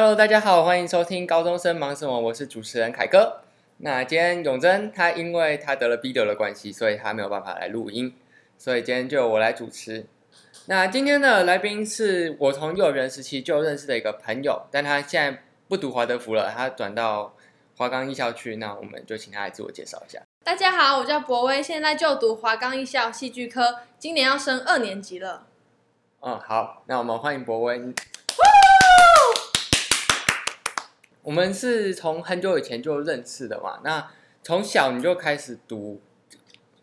Hello，大家好，歡迎收聽《高中生忙什麼》，我是主持人凱哥。那今天永珍，她因為她得了鼻瘤的關係，所以她沒有辦法來錄音，所以今天就由我來主持。那今天的來賓是我從幼兒園時期就認識的一個朋友，但他現在不讀華德福了，他轉到華岡藝校去，那我們就請他來自我介紹一下。大家好，我叫柏葳，現在就讀華岡藝校戲劇科，今年要升二年級了。嗯，好，那我們歡迎柏葳。 我們是從很久以前就認識的嘛。那從小你就開始讀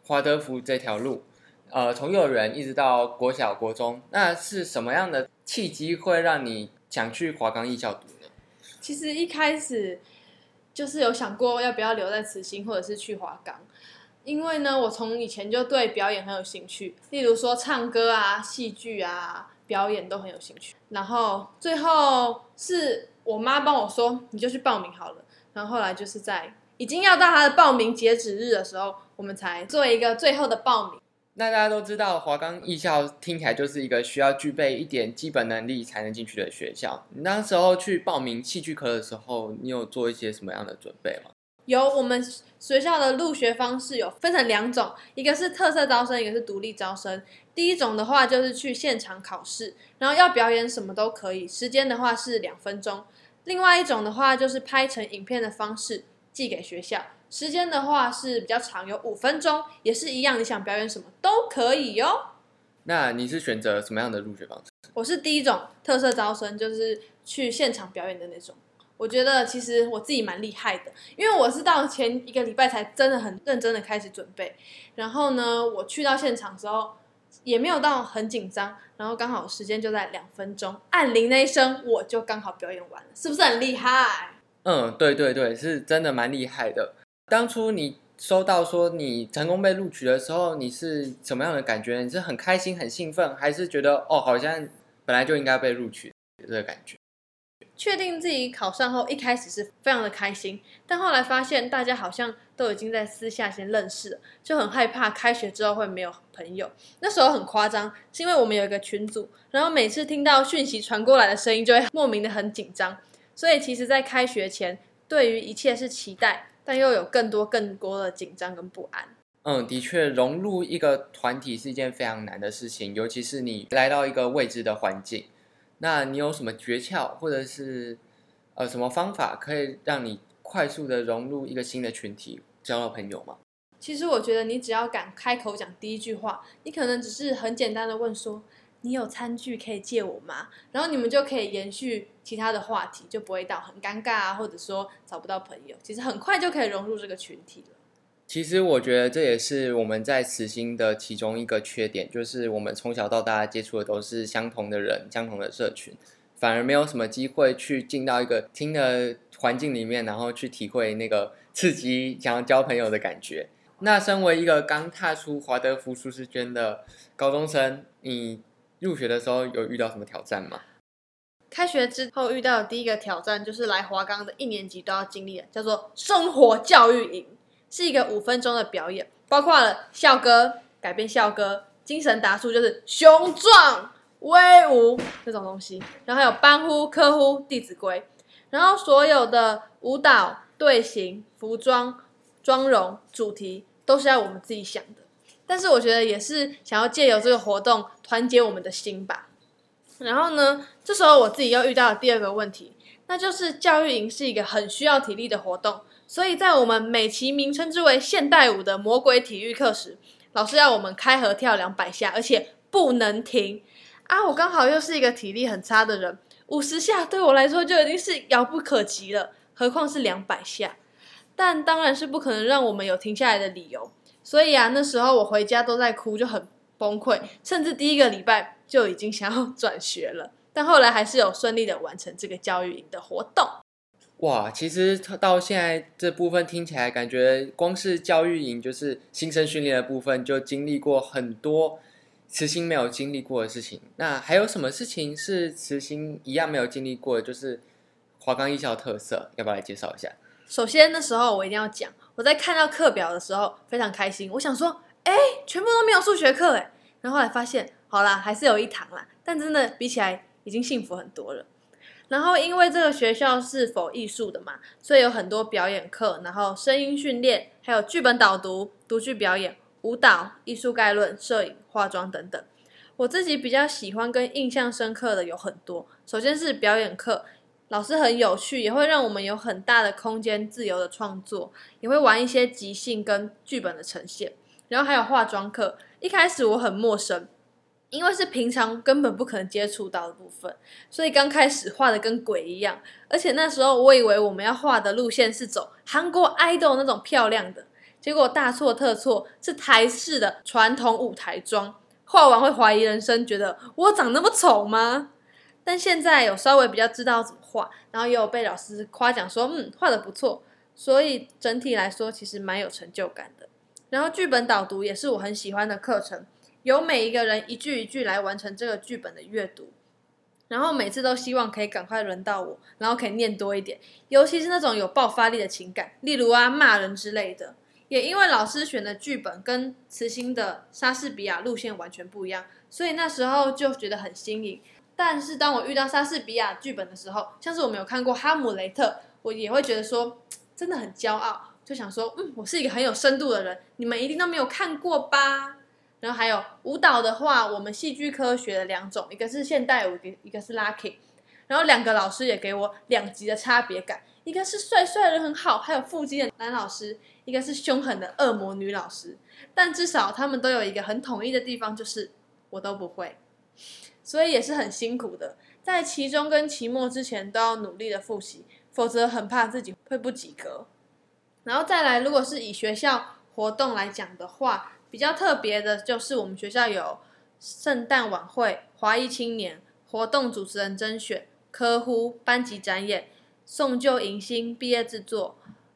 華德福這條路，呃，從幼兒園一直到國小、國中，那是什麼樣的契機會讓你想去華岡藝校讀呢？其實一開始就是有想過要不要留在慈心，或者是去華岡。因為呢，我從以前就對表演很有興趣，例如說唱歌啊、戲劇啊。表演都很有興趣，然後最後是我媽幫我說，你就去報名好了。然後後來就是在已經要到它的報名截止日的時候，我們才做一個最後的報名。那大家都知道華岡藝校聽起來就是一個需要具備一點基本能力才能進去的學校。你那時候去報名戲劇科的時候，你有做一些什麼樣的準備嗎？有，我們學校的入學方式有分成兩種，一個是特色招生，一個是獨立招生。第一種的話就是去現場考試，然後要表演什麼都可以，時間的話是兩分鐘。另外一種的話就是拍成影片的方式寄給學校，時間的話是比較長，有五分鐘，也是一樣，你想表演什麼都可以喲。那你是選擇什麼樣的入學方式？我是第一種特色招生，就是去現場表演的那種。我覺得其實我自己蠻厲害的，因為我是到前一個禮拜才真的很認真的開始準備，然後呢，我去到現場之後。也沒有到很緊張，然後剛好時間就在兩分鐘，按鈴那一聲我就剛好表演完了，是不是很厲害？嗯，對對對，是真的蠻厲害的。當初你收到說你成功被錄取的時候，你是什麼樣的感覺？你是很開心、很興奮，還是覺得哦，好像本來就應該被錄取的，這個感覺？確定自己考上後，一開始是非常的開心，但後來發現大家好像都已經在私下先認識了，就很害怕開學之後會沒有朋友。那時候很誇張，是因為我們有一個群組，然後每次聽到訊息傳過來的聲音，就會莫名的很緊張。所以其實，在開學前，對於一切是期待，但又有更多更多的緊張跟不安。嗯，的確，融入一個團體是一件非常難的事情，尤其是你來到一個未知的環境。那你有什麼訣竅，或者是呃什麼方法，可以讓你快速的融入一個新的群體，交到朋友嗎？其實我覺得你只要敢開口講第一句話，你可能只是很簡單的問說，你有餐具可以借我嗎？然後你們就可以延續其他的話題，就不會到很尷尬啊，或者說找不到朋友，其實很快就可以融入這個群體了。其實我覺得這也是我們在慈心的其中一個缺點，就是我們從小到大接觸的都是相同的人、相同的社群，反而沒有什麼機會去進到一個新的環境裡面，然後去體會那個刺激、想要交朋友的感覺。那身為一個剛踏出華德福舒適圈的高中生，你入學的時候有遇到什麼挑戰嗎？開學之後遇到的第一個挑戰就是來華岡的一年級都要經歷的，叫做生活教育營。是一個五分鐘的表演，包括了校歌、改編校歌、精神答數，就是雄壯威武這種東西，然後還有班呼、科呼、弟子規，然後所有的舞蹈、隊形、服裝、妝容、主題都是要我們自己想的。但是我覺得也是想要借由這個活動團結我們的心吧。然後呢，這時候我自己又遇到了第二個問題，那就是教育營是一個很需要體力的活動。所以在我們美其名稱之為現代舞的魔鬼體育課時，老師要我們開合跳兩百下，而且不能停。啊，我剛好又是一個體力很差的人，五十下對我來說就已經是遙不可及了，何況是兩百下。但當然是不可能讓我們有停下來的理由。所以啊，那時候我回家都在哭，就很崩潰，甚至第一個禮拜就已經想要轉學了。但後來還是有順利的完成這個教育營的活動。哇，其實到現在這部分聽起來，感覺光是教育營就是新生訓練的部分，就經歷過很多慈心沒有經歷過的事情。那還有什麼事情是慈心一樣沒有經歷過的？就是華岡藝校特色，要不要來介紹一下？首先那時候我一定要講，我在看到課表的時候非常開心，我想說，哎，全部都沒有數學課哎。然後後來發現，好啦，還是有一堂啦。但真的比起來，已經幸福很多了。然後，因為這個學校是否藝術的嘛，所以有很多表演課，然後聲音訓練，還有劇本導讀、讀劇表演、舞蹈、藝術概論、攝影、化妝等等。我自己比較喜歡跟印象深刻的有很多。首先是表演課，老師很有趣，也會讓我們有很大的空間自由的創作，也會玩一些即興跟劇本的呈現。然後還有化妝課，一開始我很陌生。因為是平常根本不可能接觸到的部分，所以剛開始畫的跟鬼一樣，而且那時候我以為我們要畫的路線是走韓國愛豆那種漂亮的，結果大錯特錯，是台式的傳統舞台妝。畫完會懷疑人生，覺得我長那麼醜嗎？但現在有稍微比較知道怎麼畫，然後也有被老師誇獎說嗯，畫的不錯，所以整體來說其實蠻有成就感的。然後劇本導讀也是我很喜歡的課程。由每一個人一句一句來完成這個劇本的閱讀，然後每次都希望可以趕快輪到我，然後可以念多一點，尤其是那種有爆發力的情感，例如啊罵人之類的。也因為老師選的劇本跟慈心的莎士比亞路線完全不一樣，所以那時候就覺得很新穎。但是當我遇到莎士比亞劇本的時候，像是我沒有看過《哈姆雷特》，我也會覺得說真的很驕傲，就想說嗯，我是一個很有深度的人，你們一定都沒有看過吧。然後還有舞蹈的話，我們戲劇科學的兩種，一個是現代舞，一一個是拉丁然後兩個老師也給我兩極的差別感，一個是帥帥人很好，還有腹肌的男老師，一個是凶狠的惡魔女老師。但至少他們都有一個很統一的地方，就是我都不會，所以也是很辛苦的。在期中跟期末之前都要努力的複習，否則很怕自己會不及格。然後再來，如果是以學校活動來講的話。比較特別的就是我們學校有聖誕晚會、華裔青年活動主持人甄選、科呼班級展演、送舊迎新畢業制作、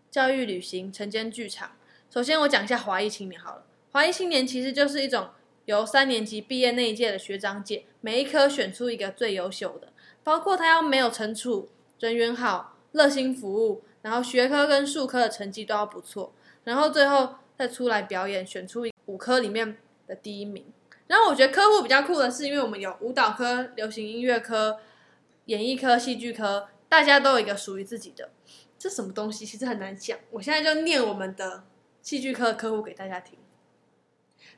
教育旅行、晨間劇場。首先我講一下華裔青年好了，華裔青年其實就是一種由三年級畢業那一屆的學長姐，每一科選出一個最優秀的，包括他要沒有懲處、人緣好、熱心服務，然後學科跟術科的成績都要不錯，然後最後再出來表演，選出一。五科裡面的第一名，然後我覺得科呼比較酷的是，因為我們有舞蹈科、流行音樂科、演藝科、戲劇科，大家都有一個屬於自己的。這什麼東西其實很難講，我現在就念我們的戲劇科科呼給大家聽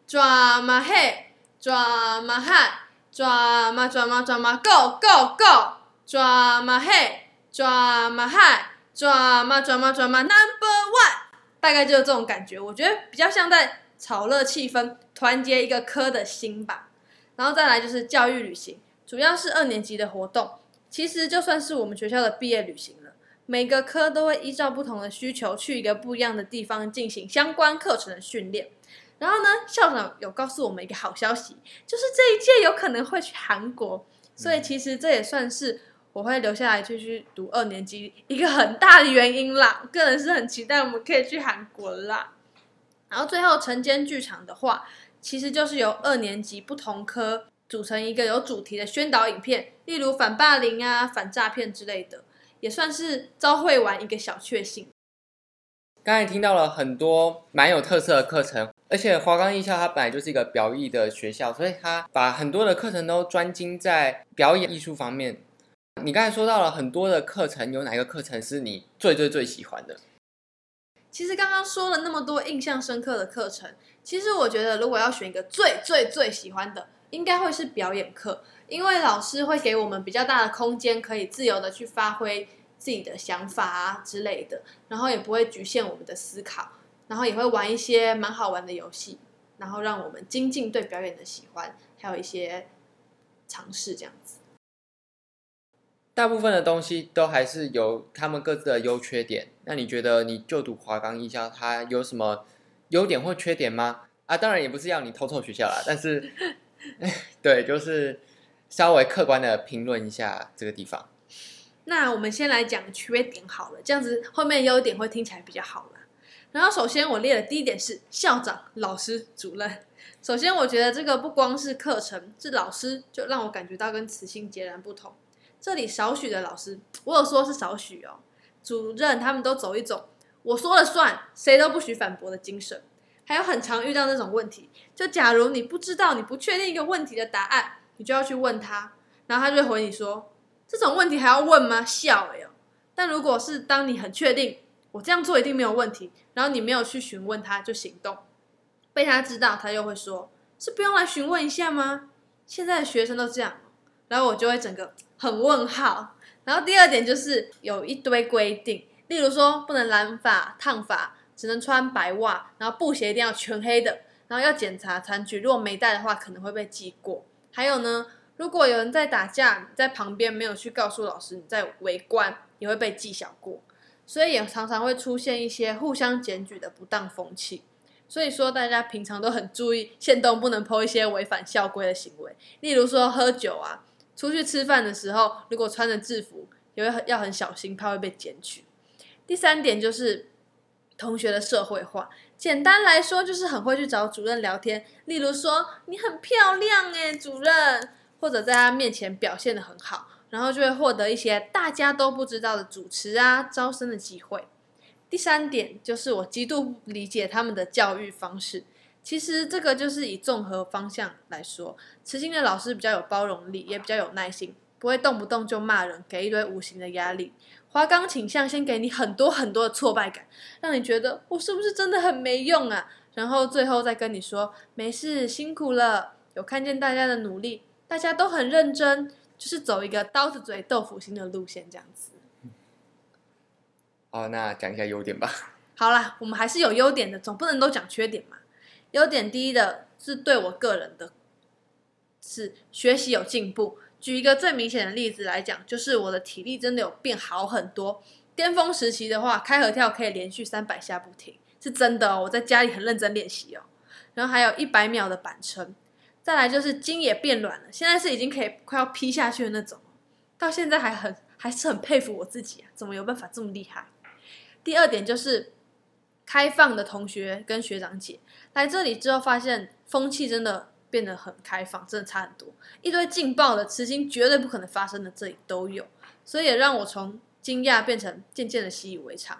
：drum a hey，drum a high，drum a drum a drum a go go go，drum a hey，drum a high，drum a drum a drum a number one。大概就是這種感覺，我覺得比較像在。炒熱氣氛，團結一個科的心吧。然後再來就是教育旅行，主要是二年級的活動。其實就算是我們學校的畢業旅行了。每個科都會依照不同的需求，去一個不一樣的地方進行相關課程的訓練。然後呢，校長有告訴我們一個好消息，就是這一屆有可能會去韓國。所以其實這也算是我會留下來繼續讀二年級一個很大的原因啦。我個人是很期待我們可以去韓國啦。然後最後晨間劇場的話，其實就是由二年級不同科組成一個有主題的宣導影片，例如反霸凌啊、反詐騙之類的，也算是召會完一個小確幸。剛才聽到了很多蠻有特色的課程，而且華岡藝校它本來就是一個表藝的學校，所以它把很多的課程都專精在表演藝術方面。你剛才說到了很多的課程，有哪個課程是你最最最喜歡的？其實剛剛說了那麼多印象深刻的課程，其實我覺得如果要選一個最最最喜歡的，應該會是表演課，因為老師會給我們比較大的空間，可以自由的去發揮自己的想法啊之類的，然後也不會局限我們的思考，然後也會玩一些蠻好玩的遊戲，然後讓我們精進對表演的喜歡，還有一些嘗試這樣子。大部分的東西都還是有他們各自的優缺點。那你覺得你就讀華岡藝校，它有什麼優點或缺點嗎？啊，當然也不是要你偷偷學校啦，但是， 對，就是稍微客觀的評論一下這個地方。那我們先來講缺點好了，這樣子後面優點會聽起來比較好啦。然後首先我列的第一點是校長、老師、主任。首先我覺得這個不光是課程，是老師就讓我感覺到跟慈心截然不同。這裡少許的老師，我有說是少許哦、喔。主任他們都走一種我說了算，誰都不許反駁的精神。還有很常遇到那種問題，就假如你不知道，你不確定一個問題的答案，你就要去問他，然後他就會回你說，這種問題還要問嗎？笑了喲。但如果是當你很確定我這樣做一定沒有問題，然後你沒有去詢問他就行動，被他知道他又會說，是不用來詢問一下嗎？現在的學生都這樣，然後我就會整個很問號。然後第二點就是有一堆規定，例如說不能染髮、燙髮，只能穿白襪，然後布鞋一定要全黑的，然後要檢查餐具，局如果沒帶的話可能會被記過。還有呢，如果有人在打架，你在旁邊沒有去告訴老師，你在圍觀，也會被記小過。所以也常常會出現一些互相檢舉的不當風氣。所以說大家平常都很注意，限動不能 PO 一些違反校規的行為，例如說喝酒啊。出去吃飯的時候，如果穿着制服，也會很要很小心，怕會被檢舉。第三點就是同學的社會化，簡單來說就是很會去找主任聊天，例如說你很漂亮誒、欸、主任，或者在他面前表現得很好，然後就會獲得一些大家都不知道的主持啊、招生的機會。第三點就是我極度理解他們的教育方式。其實這個就是以綜合方向來說，慈心的老師比較有包容力，也比較有耐心，不會動不動就罵人，給一堆無形的壓力。華岡傾向先給你很多很多的挫敗感，讓你覺得我、哦、是不是真的很沒用啊？然後最後再跟你說，沒事，辛苦了，有看見大家的努力，大家都很認真，就是走一個刀子嘴豆腐心的路線這樣子。哦，那講一下優點吧。好啦，我們還是有優點的，總不能都講缺點嘛。有點低的是對我個人的，是學習有進步。舉一個最明顯的例子來講，就是我的體力真的有變好很多。巔峰時期的話，開合跳可以連續三百下不停，是真的，哦。我在家裡很認真練習哦。然後還有一百秒的板撐，再來就是筋也變軟了，現在是已經可以快要劈下去的那種。到現在還很還是很佩服我自己啊，怎麼有辦法這麼厲害？第二點就是。開放的同學跟學長姐，來這裡之後，發現風氣真的變得很開放，真的差很多。一堆勁爆的、痴心絕對不可能發生的，這裡都有，所以也讓我從驚訝變成漸漸的習以為常。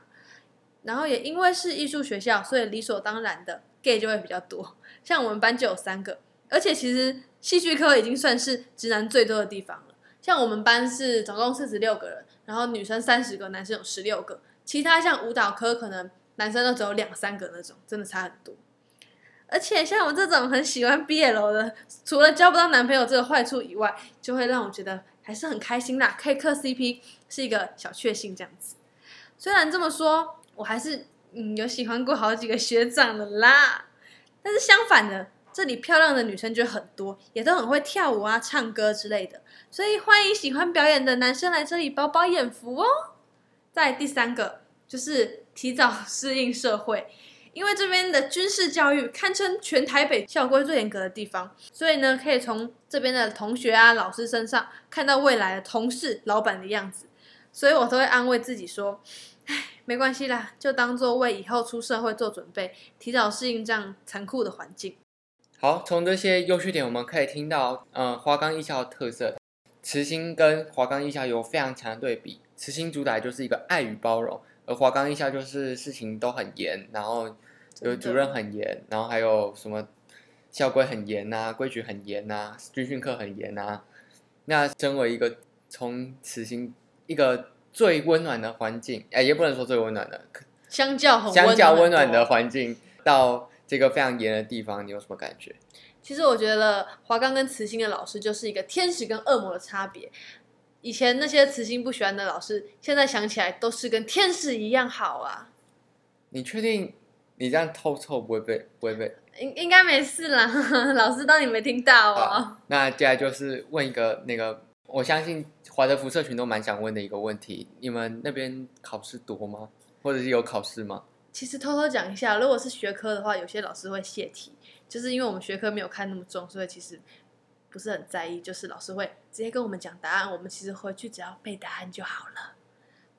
然後也因為是藝術學校，所以理所當然的 gay 就會比較多，像我們班就有三個。而且其實戲劇科已經算是直男最多的地方了，像我們班是總共四十六個人，然後女生三十個，男生有十六個。其他像舞蹈科可能。男生都只有兩三個那種，真的差很多。而且像我這種很喜歡 BL 的，除了交不到男朋友這個壞處以外，就會讓我覺得還是很開心啦，可以嗑 CP 是一個小確幸這樣子。雖然這麼說，我還是嗯有喜歡過好幾個學長的啦。但是相反的，這裡漂亮的女生就很多，也都很會跳舞啊、唱歌之類的，所以歡迎喜歡表演的男生來這裡飽飽眼福哦。再第三個就是。提早適應社會，因為這邊的軍事教育堪稱全台北校規最嚴格的地方，所以呢，可以從這邊的同學啊、老師身上看到未來的同事、老闆的樣子，所以我都會安慰自己說，唉，沒關係啦，就當做為以後出社會做準備，提早適應這樣殘酷的環境。好，從這些優缺點，我們可以聽到，嗯，華岡藝校的特色，慈心跟華岡藝校有非常強的對比，慈心主打來就是一個愛與包容。華岡一下就是事情都很嚴，然後有主任很嚴，的然後還有什麼校規很嚴吶、啊，規矩很嚴吶、啊，軍訓課很嚴吶、啊。那身為一個從慈心一個最溫暖的環境，哎，也不能說最溫暖的，相較很溫相較溫暖的環境， 到這個非常嚴的地方，你有什麼感覺？其實我覺得華岡跟慈心的老師就是一個天使跟惡魔的差別。以前那些慈心不喜歡的老師，現在想起來都是跟天使一樣好啊！你確定你這樣偷偷不會被不會被？不會被應應該沒事啦，呵呵老師當你沒聽到哦、喔啊。那接下來就是問一個那個，我相信華德福社群都蠻想問的一個問題：你們那邊考試多嗎？或者是有考試嗎？其實偷偷講一下，如果是學科的話，有些老師會洩題，就是因為我們學科沒有看那麼重，所以其實，不是很在意，就是老師會直接跟我們講答案，我們其實回去只要背答案就好了。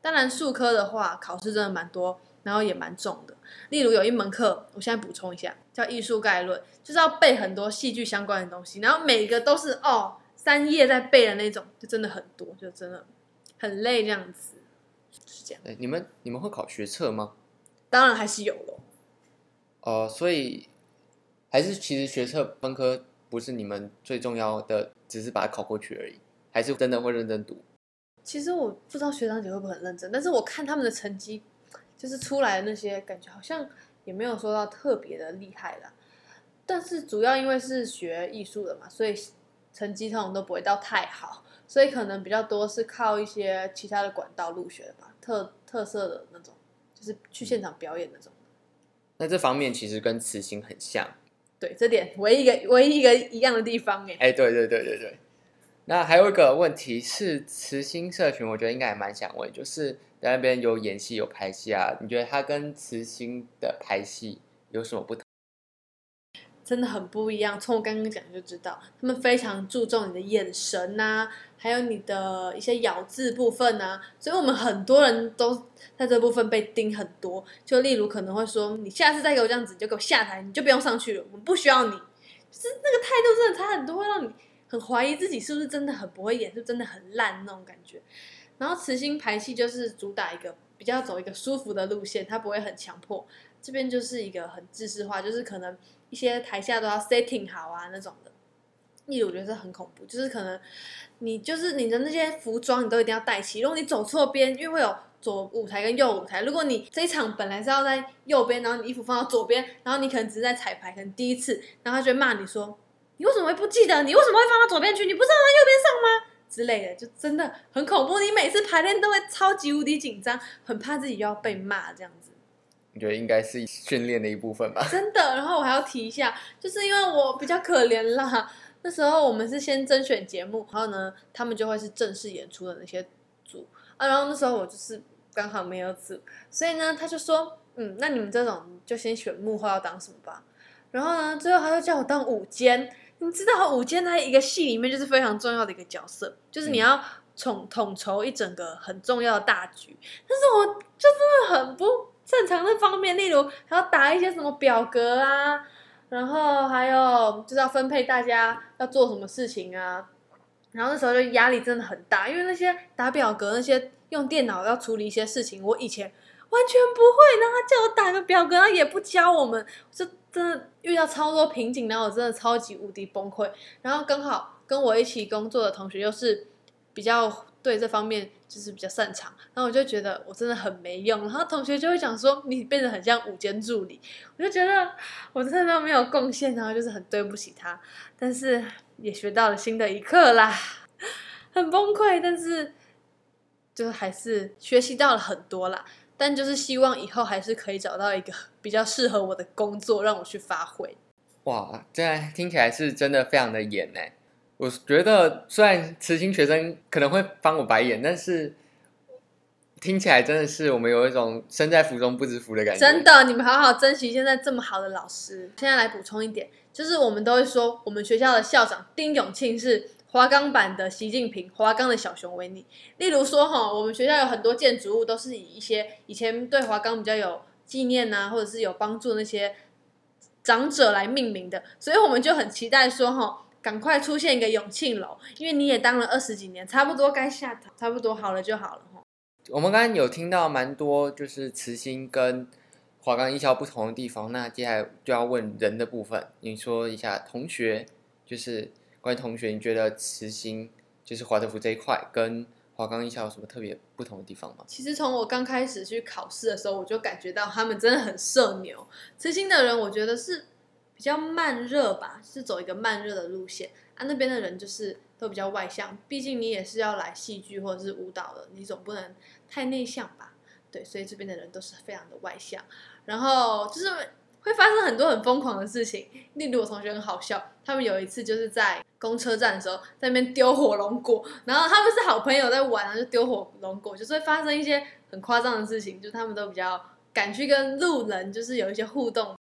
當然，術科的話，考試真的蠻多，然後也蠻重的。例如有一門課，我現在補充一下，叫藝術概論，就是要背很多戲劇相關的東西，然後每個都是哦三頁在背的那種，就真的很多，就真的很累。這樣子、就是這樣。你們你們會考學測嗎？當然還是有的。哦、呃，所以還是其實學測分科，不是你們最重要的，只是把它考過去而已，還是真的會認真讀？其實我不知道學長姐會不會很認真，但是我看他們的成績，就是出來的那些，感覺好像也沒有說到特別的厲害啦。但是主要因為是學藝術的嘛，所以成績通常都不會到太好，所以可能比較多是靠一些其他的管道入學的吧。特特色的那種，就是去現場表演那種。嗯、那這方面其實跟慈心很像。對，這點唯一一個唯一一個一樣的地方哎、欸，對對對對對。那還有一個問題是，慈心社群，我覺得應該還蠻想問，就是在那邊有演戲有拍戲啊，你覺得它跟慈心的拍戲有什麼不同？真的很不一樣，從我剛剛講就知道，他們非常注重你的眼神吶、啊，還有你的一些咬字部分吶、啊，所以我們很多人都在這部分被盯很多。就例如可能會說，你下次再給我這樣子，你就給我下台，你就不用上去了，我們不需要你。就是那個態度真的差很多，會讓你很懷疑自己是不是真的很不會演，是，是真的很爛那種感覺。然後慈心排戲就是主打一個比較走一個舒服的路線，它不會很強迫。這邊就是一個很知識化，就是可能。一些台下都要 setting 好啊，那種的，那我覺得是很恐怖。就是可能你就是你的那些服裝，你都一定要帶齊。如果你走錯邊，因為會有左舞台跟右舞台。如果你這一場本來是要在右邊，然後你衣服放到左邊，然後你可能只是在綵排，可能第一次，然後他就會罵你說：“你為什麼會不記得？你為什麼會放到左邊去？你不知道在右邊上嗎？”之類的，就真的很恐怖。你每次排練都會超級無敵緊張，很怕自己要被罵這樣子。我覺得應該是訓練的一部分吧。真的，然後我還要提一下，就是因為我比較可憐啦。那時候我們是先甄選節目，然後呢，他們就會是正式演出的那些組啊。然後那時候我就是剛好沒有組，所以呢，他就說：“嗯，那你們這種就先選幕後要當什麼吧。”然後呢，最後他就叫我當舞監。你知道舞監在一個戲裡面就是非常重要的一個角色，就是你要統統籌一整個很重要的大局。嗯、但是我就真的很不。正常的方面，例如還要打一些什麼表格啊，然後還有就是要分配大家要做什麼事情啊，然後那時候就壓力真的很大，因為那些打表格、那些用電腦要處理一些事情，我以前完全不會，然後叫我打個表格，他也不教我們，就真的遇到超多瓶頸，然後我真的超級無敵崩潰。然後剛好跟我一起工作的同學又是比較對這方面。就是比較擅長，然後我就覺得我真的很沒用，然後同學就會講說，你變得很像舞監助理，我就覺得我真的沒有貢獻，然後就是很對不起他，但是也學到了新的一課啦，很崩潰，但是就是還是學習到了很多啦，但就是希望以後還是可以找到一個比較適合我的工作，讓我去發揮。哇，這聽起來是真的非常的嚴厲欸。我覺得雖然慈心學生可能會幫我白眼，但是聽起來真的是我們有一種身在福中不知福的感覺。真的，你們好好珍惜現在這麼好的老師。現在來補充一點，就是我們都會說，我們學校的校長丁永慶是華岡版的習近平，華岡的小熊維尼。例如說哈，我們學校有很多建築物都是以一些以前對華岡比較有紀念吶、啊，或者是有幫助的那些長者來命名的，所以我們就很期待說哈。趕快出現一個永慶樓，因為你也當了二十幾年，差不多該下台，差不多好了就好了哈。我們剛剛有聽到蠻多就是慈心跟華岡藝校不同的地方，那接下來就要問人的部分，你說一下同學，就是關於同學，你覺得慈心就是華德福這一塊跟華岡藝校有什麼特別不同的地方嗎？其實從我剛開始去考試的時候，我就感覺到他們真的很社牛，慈心的人我覺得是。比較慢熱吧，是走一個慢熱的路線啊。那邊的人就是都比較外向，畢竟你也是要來戲劇或者是舞蹈的，你總不能太內向吧？對，所以這邊的人都是非常的外向，然後就是會發生很多很瘋狂的事情。例如我同學很好笑，他們有一次就是在公車站的時候，在那邊丟火龍果，然後他們是好朋友在玩，然後就丟火龍果，就是會發生一些很誇張的事情，就他們都比較敢去跟路人，就是有一些互動。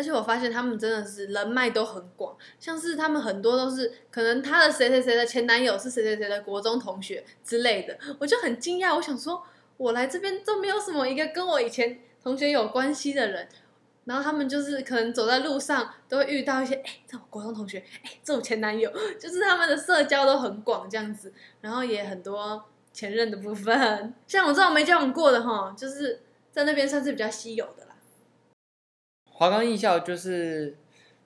而且我發現他們真的是人脈都很廣，像是他們很多都是可能他的誰誰誰的前男友是誰誰誰的國中同學之類的，我就很驚訝。我想說，我來這邊都沒有什麼一個跟我以前同學有關係的人，然後他們就是可能走在路上都會遇到一些哎、欸，這種國中同學，哎、欸，這種前男友，就是他們的社交都很廣這樣子。然後也很多前任的部分，像我這種沒交往過的哈，就是在那邊算是比較稀有的。華岡藝校就是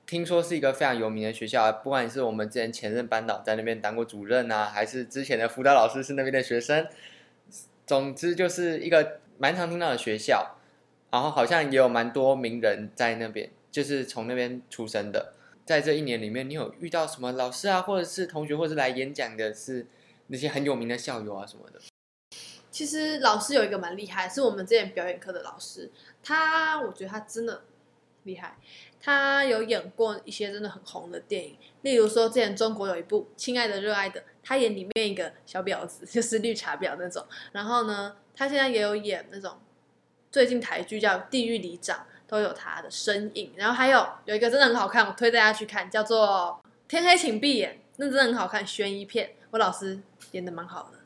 聽說是一個非常有名的學校，不管你是我們之前前任班導在那邊當過主任啊，還是之前的輔導老師是那邊的學生，總之就是一個蠻常聽到的學校。然後好像也有蠻多名人在那邊，就是從那邊出生的。在這一年裡面，你有遇到什麼老師啊，或者是同學，或者是來演講的是那些很有名的校友啊什麼的？其實老師有一個蠻厲害，是我們之前表演課的老師，他我覺得他真的。厲害，他有演過一些真的很紅的電影，例如說之前中國有一部《親愛的熱愛的》，他演裡面一個小婊子，就是綠茶婊那種。然後呢，他現在也有演那種最近台劇叫《地獄里長》，都有他的身影。然後還有有一個真的很好看，我推大家去看，叫做《天黑請閉眼》，那真的很好看，懸疑片，我老師演得蠻好的。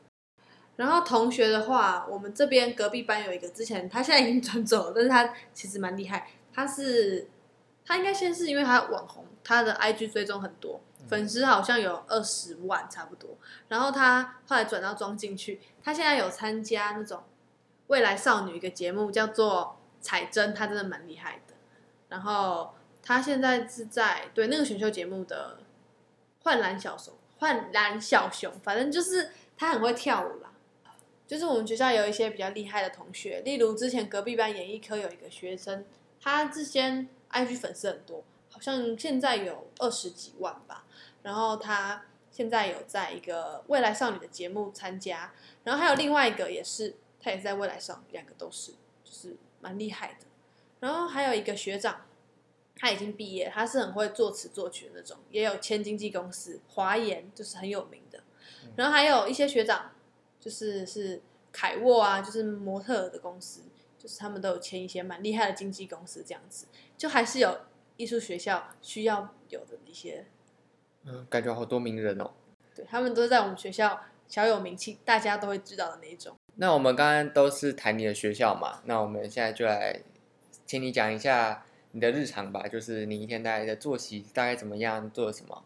然後同學的話，我們這邊隔壁班有一個，之前他現在已經轉走了，但是他其實蠻厲害。他是他應該先是因為他網紅，他的 IG 追蹤很多，嗯、粉絲好像有二十萬差不多。然後他後來轉到妝進去，他現在有參加那種未來少女一個節目，叫做彩針，他真的蠻厲害的。然後他現在是在對那個選秀節目的幻藍小熊、幻藍小熊，反正就是他很會跳舞啦。就是我們學校有一些比較厲害的同學，例如之前隔壁班演藝科有一個學生。他之前 I G 粉絲很多，好像現在有二十幾萬吧。然後他現在有在一個未來少女的節目參加，然後還有另外一個也是，他也是在未來少女，兩個都是就是蠻厲害的。然後還有一個學長，他已經畢業，他是很會作詞作曲的那種，也有簽經紀公司華研，就是很有名的。然後還有一些學長，就是是凱沃啊，就是模特兒的公司。就是他們都有簽一些蠻厲害的經紀公司，這樣子，就還是有藝術學校需要有的一些。嗯，感覺好多名人哦。對，他們都在我們學校小有名氣，大家都會知道的那一種。那我們剛剛都是談你的學校嘛，那我們現在就來請你講一下你的日常吧，就是你一天大概的作息大概怎麼樣，做了什麼。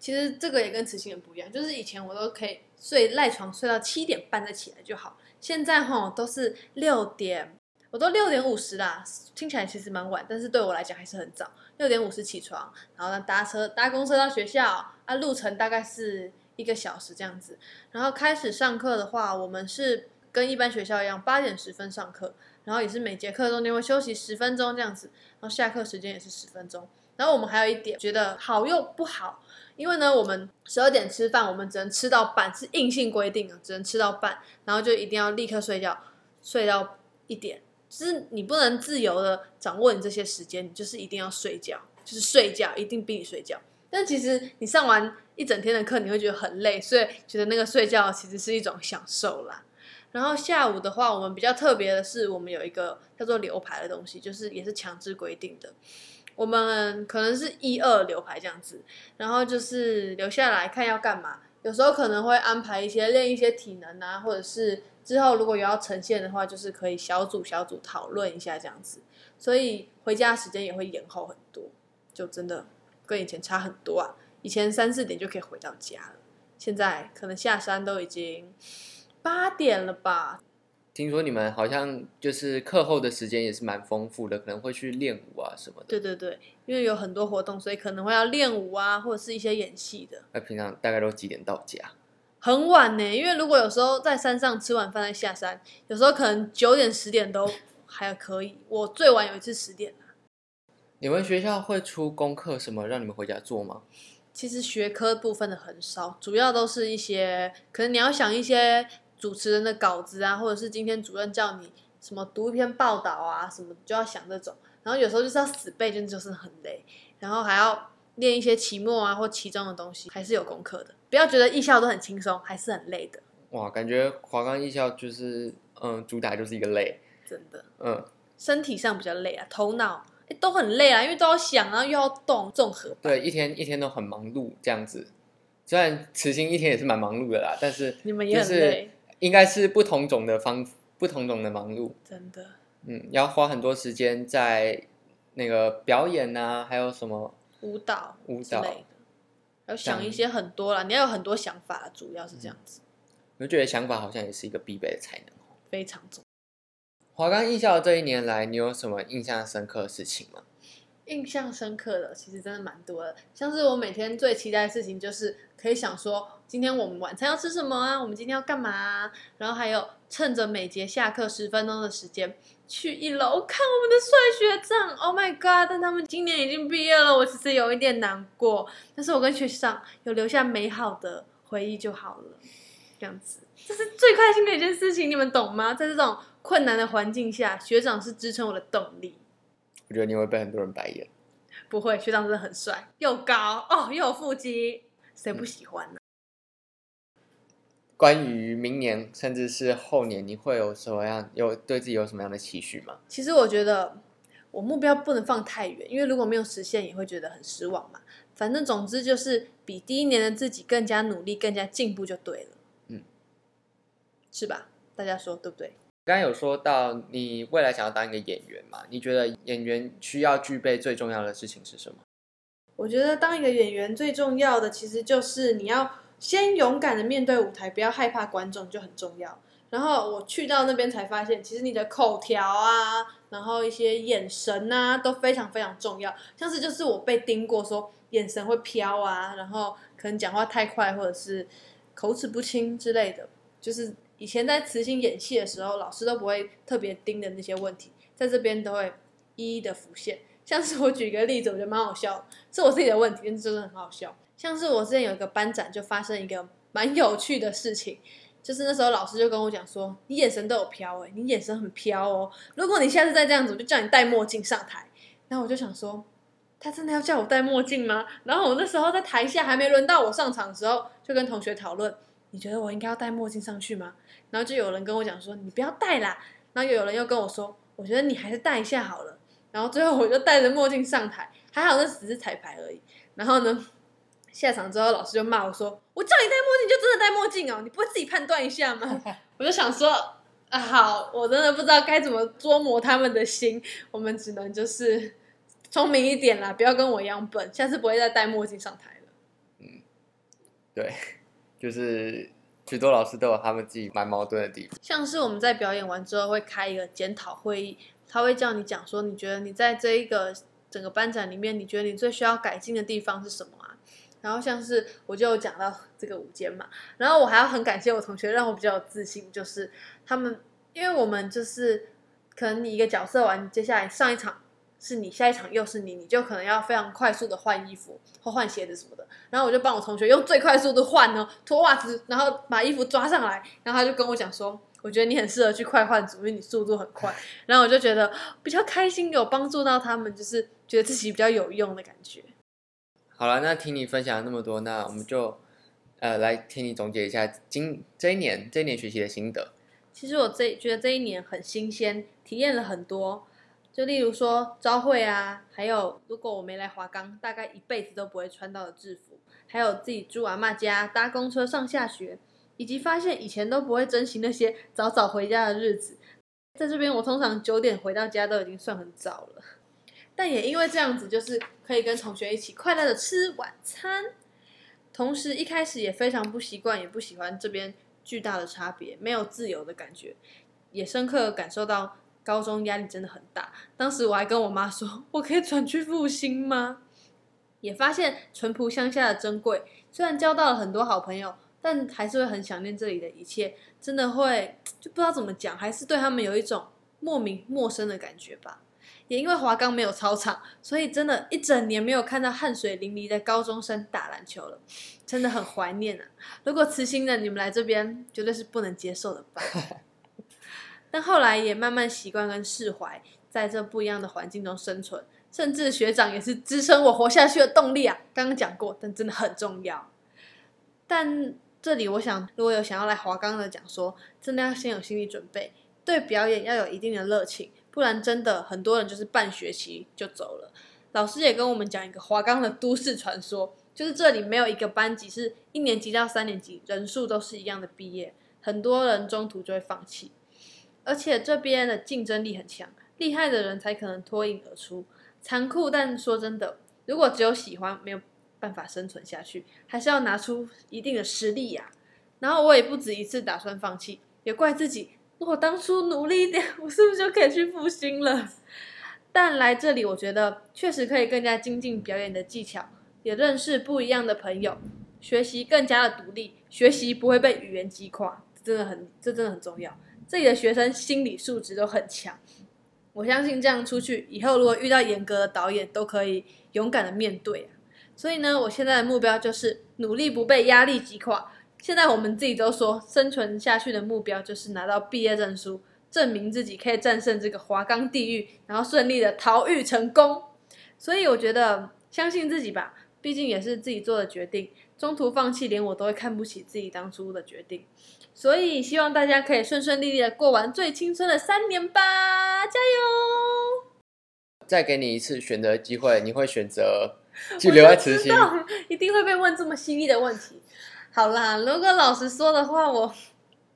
其實這個也跟慈心很不一樣，就是以前我都可以睡賴床，睡到七點半再起來就好。現在齁都是六點，我都六點五十啦。聽起來其實蠻晚，但是對我來講還是很早。六點五十起床，然後呢搭車搭公車到學校，啊，路程大概是一個小時這樣子。然後開始上課的話，我們是跟一般學校一樣，八點十分上課，然後也是每節課中間會休息十分鐘這樣子，然後下課時間也是十分鐘。然後我們還有一點覺得好又不好，因為呢，我們十二點吃飯，我們只能吃到半，是硬性規定的，只能吃到半，然後就一定要立刻睡覺，睡到一點，就是你不能自由地掌握你這些時間，你就是一定要睡覺，就是睡覺一定逼你睡覺。但其實你上完一整天的課，你會覺得很累，所以覺得那個睡覺其實是一種享受啦。然後下午的話，我們比較特別的是，我們有一個叫做流排的東西，就是也是強制規定的。我們可能是一二流排這樣子，然後就是留下來看要幹嘛。有時候可能會安排一些練一些體能啊，或者是之後如果有要呈現的話，就是可以小組小組討論一下這樣子。所以回家時間也會延後很多，就真的跟以前差很多啊。以前三四點就可以回到家了，現在可能下山都已經八點了吧。聽說你們好像就是課後的時間也是蠻豐富的，可能會去練舞啊什麼的。對對對，因為有很多活動，所以可能會要練舞啊，或者是一些演戲的。那平常大概都幾點到家？很晚呢，因為如果有時候在山上吃完飯再下山，有時候可能九點十點都還可以。 我最晚有一次十點啊。你們學校會出功課什麼讓你們回家做嗎？其實學科部分的很少，主要都是一些，可能你要想一些。主持人的稿子啊，或者是今天主任叫你什麼讀一篇報道啊，什麼就要想這種，然後有時候就是要死背，真的就是很累，然後還要練一些期末啊或期中的東西，還是有功課的。不要覺得藝校都很輕鬆，還是很累的。哇，感覺華岡藝校就是，嗯，主打就是一個累，真的，嗯，身體上比較累啊，頭腦，誒，都很累啊，因為都要想，然後又要動，綜合。對，一天一天都很忙碌這樣子。雖然慈心一天也是蠻忙碌的啦，但是、就是、你們也很累。應該是不同種的方，不同種的忙碌。真的，嗯，要花很多時間在那個表演啊，還有什麼舞蹈，舞蹈、舞蹈，要想一些很多啦，這樣。你要有很多想法，主要是這樣子。嗯，我覺得想法好像也是一個必備的才能，非常重。華岡藝校這一年來，你有什麼印象深刻的事情嗎？印象深刻的其實真的蠻多的，像是我每天最期待的事情就是可以想說今天我們晚餐要吃什麼啊，我們今天要幹嘛啊？然後還有趁着每節下課十分鐘的時間去一樓看我們的帥學長，Oh my god！但他們今年已經畢業了，我其實有一點難過，但是我跟學長有留下美好的回憶就好了，這樣子，這是最開心的一件事情，你們懂嗎？在這種困難的環境下，學長是支撐我的動力。我覺得你會被很多人白眼，不會，學長真的很帥，又高哦，又有腹肌，誰不喜歡呢？啊，嗯。關於明年甚至是後年，你會有什麼樣、有對自己有什麼樣的期許嗎？其實我覺得我目標不能放太遠，因為如果沒有實現，也會覺得很失望嘛。反正總之就是比第一年的自己更加努力、更加進步就對了。嗯，是吧？大家說對不對？剛有說到你未來想要當一個演員嘛？你覺得演員需要具備最重要的事情是什麼？我覺得當一個演員最重要的，其實就是你要先勇敢地面對舞台，不要害怕觀眾就很重要。然後我去到那邊才發現，其實你的口條啊，然後一些眼神啊都非常非常重要。像是就是我被盯過，說眼神會飄啊，然後可能講話太快或者是口齒不清之類的，就是。以前在慈心演戲的時候，老師都不會特別盯着那些問題，在這邊都會一一的浮現。像是我舉個例子，我覺得蠻好笑，是我自己的問題，但是真的很好笑。像是我之前有一個班展，就發生一個蠻有趣的事情，就是那時候老師就跟我講說，你眼神都有飄誒、欸，你眼神很飄哦、喔，如果你下次再這樣子，我就叫你戴墨鏡上台。然後我就想說，他真的要叫我戴墨鏡嗎？然後我那時候在台下還沒輪到我上場的時候，就跟同學討論。你覺得我應該要戴墨鏡上去嗎？然後就有人跟我講說：“你不要戴啦。”然後又有人又跟我說：“我覺得你還是戴一下好了。”然後最後我就戴着墨鏡上台，還好那只是彩排而已。然後呢，下場之後老師就罵我說：“我叫你戴墨鏡就真的戴墨鏡喔，你不會自己判斷一下嗎？” 我就想說：“啊，好，我真的不知道該怎麼捉摸他們的心。我們只能就是聰明一點啦，不要跟我一樣笨。下次不會再戴墨鏡上台了。”嗯，對。就是許多老師都有他們自己蠻矛盾的地方，像是我們在表演完之後會開一個檢討會議，他會叫你講說你覺得你在這一個整個班展裡面，你覺得你最需要改進的地方是什麼啊？然後像是我就講到這個舞監嘛，然後我還要很感謝我同學讓我比較有自信，就是他們，因為我們就是可能你一個角色完，接下來上一場，是你下一場又是你，你就可能要非常快速地換衣服或換鞋子什麼的。然後我就幫我同學用最快速度換呢，脫襪子，然後把衣服抓上來。然後他就跟我講說，我覺得你很適合去快換組，因為你速度很快。然後我就覺得比較開心，有幫助到他們，就是覺得自己比較有用的感覺。好了，那聽你分享了那麼多，那我們就呃來聽你總結一下今這一年這一年學習的心得。其實我這覺得這一年很新鮮，體驗了很多。就例如說招會啊，還有如果我沒來華岡，大概一輩子都不會穿到的制服，還有自己住阿媽家、搭公車上下學，以及發現以前都不會珍惜那些早早回家的日子。在這邊，我通常九點回到家都已經算很早了，但也因為這樣子，就是可以跟同學一起快樂的吃晚餐。同時一開始也非常不習慣，也不喜歡這邊巨大的差別，沒有自由的感覺，也深刻感受到。高中壓力真的很大，當時我還跟我媽說，我可以轉去復興嗎？也發現淳樸鄉下的珍貴。雖然交到了很多好朋友，但還是會很想念這裡的一切。真的會就不知道怎麼講，還是對他們有一種莫名陌生的感覺吧。也因為華岡沒有操場，所以真的，一整年沒有看到汗水淋漓的高中生打籃球了，真的很懷念啊。如果慈心的你們來這邊，絕對是不能接受的吧。 但後來也慢慢習慣跟釋懷，在這不一樣的環境中生存，甚至學長也是支撐我活下去的動力啊！剛剛講過，但真的很重要。但這裡我想，如果有想要來華岡的，講說真的要先有心理準備，對表演要有一定的熱情，不然真的很多人就是半學期就走了。老師也跟我們講一個華岡的都市傳說，就是這裡沒有一個班級是一年級到三年級人數都是一樣的畢業，很多人中途就會放棄。而且這邊的競爭力很強，厲害的人才可能脫穎而出。殘酷，但說真的，如果只有喜歡，沒有辦法生存下去，還是要拿出一定的實力呀。然後我也不止一次打算放棄，也怪自己，如果當初努力一點，我是不是就可以去復興了？但來這裡，我覺得確實可以更加精進表演的技巧，也認識不一樣的朋友，學習更加的獨立，學習不會被語言擊垮，這真的很，這真的很重要。自己的學生心理素質都很強，我相信這樣出去以後，如果遇到嚴格的導演，都可以勇敢的面對啊。所以呢，我現在的目標就是努力不被壓力擊垮。現在我們自己都說，生存下去的目標就是拿到畢業證書，證明自己可以戰勝這個華岡地獄，然後順利的逃獄成功。所以我覺得，相信自己吧，畢竟也是自己做的決定。中途放棄，連我都會看不起自己當初的決定。所以希望大家可以順順利利的過完最青春的三年吧，加油！再給你一次選擇機會，你會選擇去留在慈心？我就知道，一定會被問這麼犀利的問題。好啦，如果老實說的話，我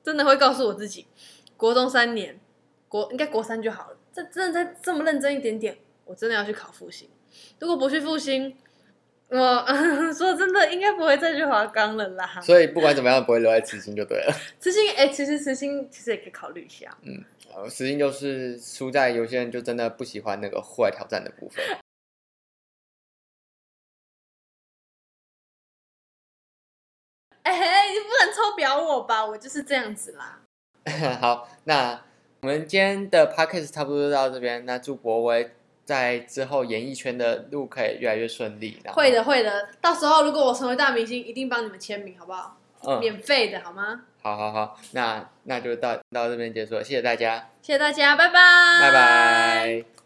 真的會告訴我自己，國中三年，國應該國三就好了。這真的再這麼認真一點點，我真的要去考復興。如果不去復興，我說真的，應該不會再去華岡了啦。所以不管怎麼樣，不會留在慈心就對了。慈心，哎、欸，其實慈心其實也可以考慮一下。嗯，呃、慈心就是輸在有些人就真的不喜歡那個戶外挑戰的部分。哎、欸，你不能抽表我吧？我就是這樣子啦。 好，那我們今天的 podcast 差不多就到這邊。那祝柏葳，在之後演藝圈的路可以越來越順利。會的，會的。到時候如果我成為大明星，一定幫你們簽名，好不好？嗯，免費的，好嗎？好，好，好。那那就到到這邊結束了，謝謝大家，謝謝大家，拜拜，拜拜。拜拜。